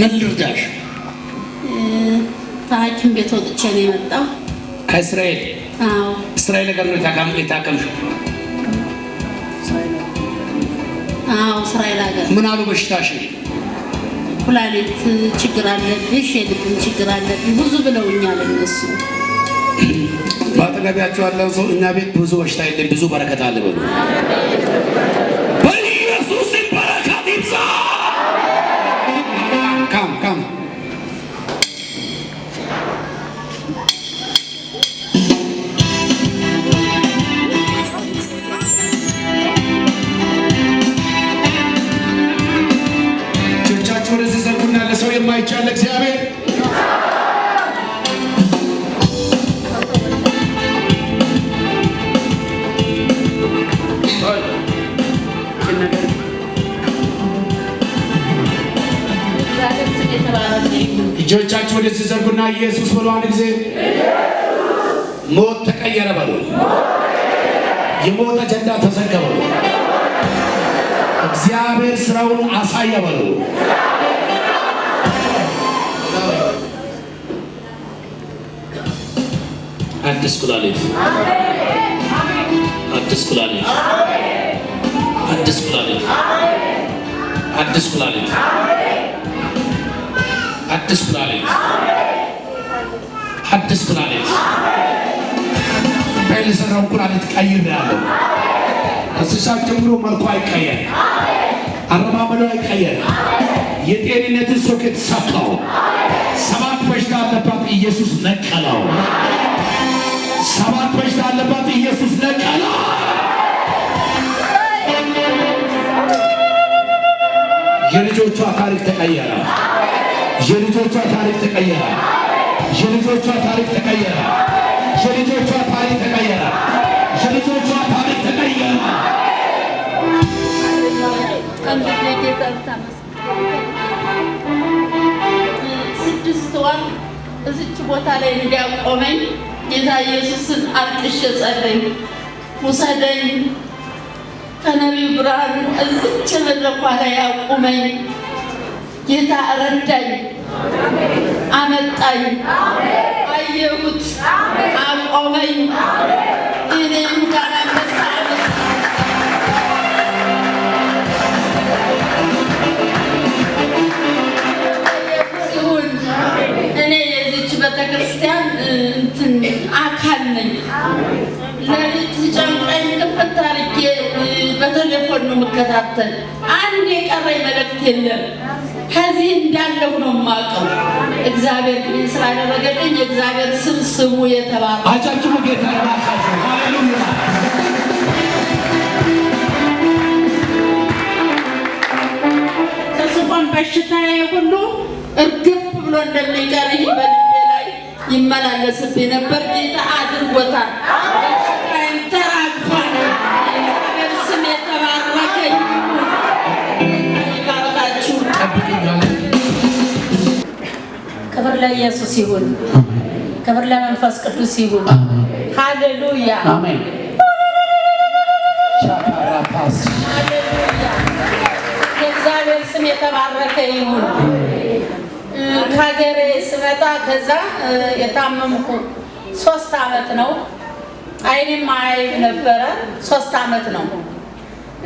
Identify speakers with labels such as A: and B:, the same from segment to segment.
A: ምን ልርዳሽ?
B: ከሐኪም ቤት ወጥቼ ነው የመጣው።
A: ከእስራኤል እስራኤል ጋር ነው የታከምሽው?
B: አዎ እስራኤል ሀገር።
A: ምን አሉ በሽታሽ?
B: ኩላሊት ችግር አለብሽ፣ የልብን ችግር አለብኝ ብዙ ብለውኛል እነሱ።
A: በአጠገቢያቸው ያለው ሰው እኛ ቤት ብዙ በሽታ የለም ብዙ በረከት አለ በሉ እጆቻችሁ ወደዚህ ዘርጉና ኢየሱስ ብሎ አንድ ጊዜ ሞት ተቀየረ በሉ። የሞት አጀንዳ ተዘጋ በሉ። እግዚአብሔር ስራውን አሳየ በሉ። አዲስ ኩላሊት፣ አዲስ ኩላሊት፣ አዲስ ኩላሊት፣ አዲስ ኩላሊት ሐድስ ፕላኔት ሐድስ ፕላኔት ቃይ የሰራው ፕላኔት ቀይር ያለው ከስሳ ጀምሮ መልኩ አይቀየር፣ አረማመዱ አይቀየር። የጤንነትን ሶኬት ሰጠው። ሰባት በሽታ አለባት፣ ኢየሱስ ነቀለው። ሰባት በሽታ አለባት፣ ኢየሱስ ነቀለው። የልጆቿ ታሪክ ተቀየረ። የልጆቿ ታሪክ ተቀየረ። የልጆቿ ታሪክ ተቀየረ። የልጆቿ ታሪክ ተቀየረ። የልጆቿ ታሪክ ተቀየረ።
B: ስድስት ወር እዚች ቦታ ላይ እንዲያቆመኝ ጌታ ኢየሱስን አልቅሼ ጸለይኩ። ውሰደኝ ከነቢዩ ብርሃን እዚች መድረኳ ላይ አቁመኝ ጌታ ረዳኝ። አመጣኝ፣ አየሁት፣
C: አቆመኝ
B: እኔ የምከታተል አንድ የቀረኝ መልእክት የለም። ከዚህ እንዳለሁ ነው የማውቀው። እግዚአብሔር ግን ያደረገልኝ የእግዚአብሔር ስም ስሙ የተባለ
A: አቻችሁ ጌታ
B: ተስቆን በሽታዬ ሁሉ እርግፍ ብሎ እንደሚቀር ይህ በልቤ ላይ ይመላለስብኝ ነበር። ጌታ አድርጎታል። ለኢየሱስ ይሁን፣ ክብር ለመንፈስ ቅዱስ ይሁን። ሃሌሉያ አሜን። የእግዚአብሔር ስም የተባረከ ይሁን። ከሀገሬ ስመጣ ከዛ የታመምኩ ሶስት አመት ነው። አይኔም አይብ ነበረ ሶስት አመት ነው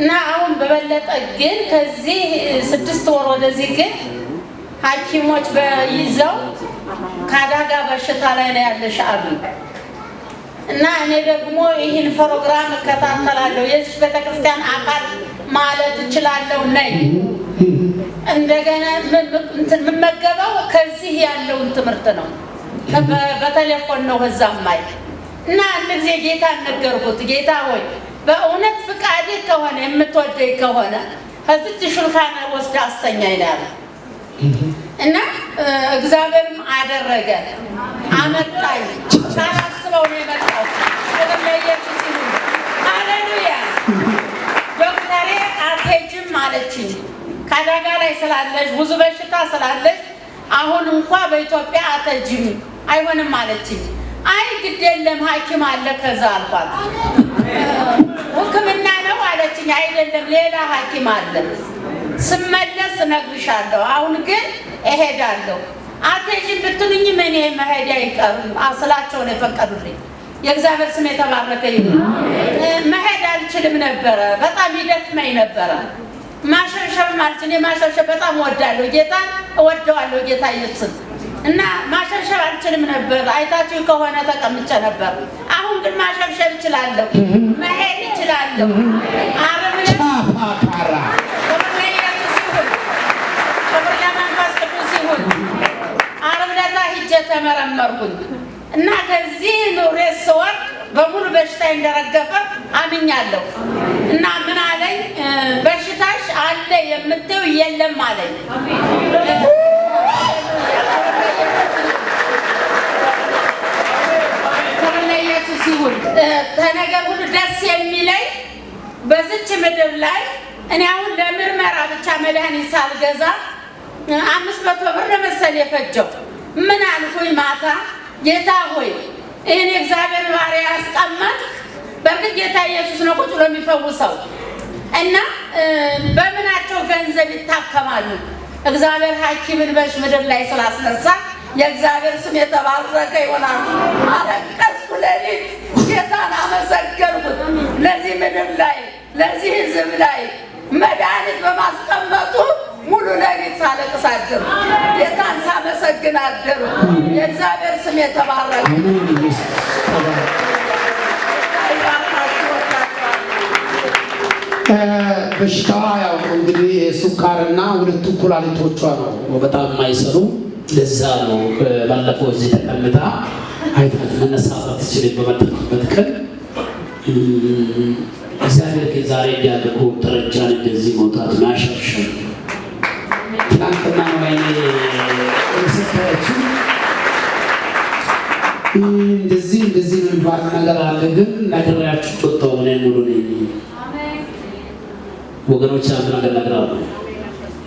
B: እና አሁን በበለጠ ግን ከዚህ ስድስት ወር ወደዚህ ግን ሐኪሞች በይዘው ከአዳጋ በሽታ ላይ ነው ያለሽ አሉ እና እኔ ደግሞ ይህን ፕሮግራም እከታተላለሁ። የዚች ቤተክርስቲያን አካል ማለት እችላለሁ ነኝ። እንደገና የምመገበው ከዚህ ያለውን ትምህርት ነው። በቴሌፎን ነው እዛም ማይ እና አንድ ጊዜ ጌታ ነገርኩት። ጌታ ሆይ በእውነት ፍቃድ ከሆነ የምትወደኝ ከሆነ ከዚች ሹልካና ወስደ አስተኛኝ ነው ያለ እና እግዚአብሔርም አደረገ አመጣኝ። ሳላስበው ነው የመጣው። ሃሌሉያ። ዶክተሬ አትሄጂም አለችኝ። ከአደጋ ላይ ስላለች ብዙ በሽታ ስላለች አሁን እንኳ በኢትዮጵያ አትሄጂም አይሆንም አለችኝ። አይ ግድ የለም ሐኪም አለ ከዛ አልኳት። ሕክምና ነው አለችኝ። አይደለም ሌላ ሐኪም አለ ስመለስ እነግርሻለሁ። አሁን ግን እሄዳለሁ። አትሄጂም ብትሉኝም እኔ መሄድ አይቀርም ስላቸውን የፈቀዱልኝ የእግዚአብሔር ስም የተባረከ ይሁን። መሄድ አልችልም ነበረ፣ በጣም ይደክመኝ ነበረ። ማሸብሸብም አልችልም። ማሸብሸብ በጣም እወዳለሁ፣ ጌታ እወደዋለሁ፣ ጌታ ኢየሱስን እና ማሸብሸብ አልችልም ነበር። አይታችሁ ከሆነ ተቀምጨ ነበር። አሁን ግን ማሸብሸብ እችላለሁ፣ መሄድ እችላለሁ። ተመረመርኩኝ እና ከዚህ ኑሬ ስወር በሙሉ በሽታ እንደረገፈ አምኛለሁ። እና ምን አለኝ፣ በሽታሽ አለ የምትው የለም አለኝ። ከነገር ሁሉ ደስ የሚለኝ በዝች ምድር ላይ እኔ አሁን ለምርመራ ብቻ መድኃኒት ሳልገዛ አምስት መቶ ብር መሰል የፈጀው ምን አልኩኝ ማታ ጌታ ሆይ ይህን የእግዚአብሔር ባሪያ ያስቀመጥ በእርግጥ ጌታ ኢየሱስ ነው ቁጭ ብሎ የሚፈውሰው እና በምናቸው ገንዘብ ይታከማሉ? እግዚአብሔር ሀኪምን በሽ ምድር ላይ ስላስነሳ የእግዚአብሔር ስም የተባረከ ይሆናል። አለቀስኩ ሌሊት፣ ጌታን አመሰገንኩት። ለዚህ ምድር ላይ ለዚህ ህዝብ ላይ መድኃኒት በማስቀመጡ ሙሉ ሌሊት ሳለቅስ አደርኩ ጌታን ሲያመሰግን አደሩ። የእግዚአብሔር ስም የተባረከ
A: በሽታዋ ያው እንግዲህ የሱካርና ሁለቱ ኩላሊቶቿ ነው በጣም የማይሰሩ። ለዛ ነው ባለፈው እዚህ ተቀምጣ አይታት መነሳት ትችል በመጠበት ቀን እግዚአብሔር ዛሬ እንዲያደርጉ ጥረጃን እንደዚህ ሞት ግግም እንዳደረጋችሁ ቁጠው እኔን ሙሉ ነኝ ወገኖች። አንተን አደናግራ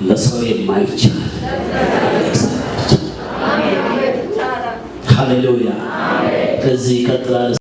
A: ለሰው የማይቻል ሃሌሉያ።
C: ከዚህ ይቀጥላል።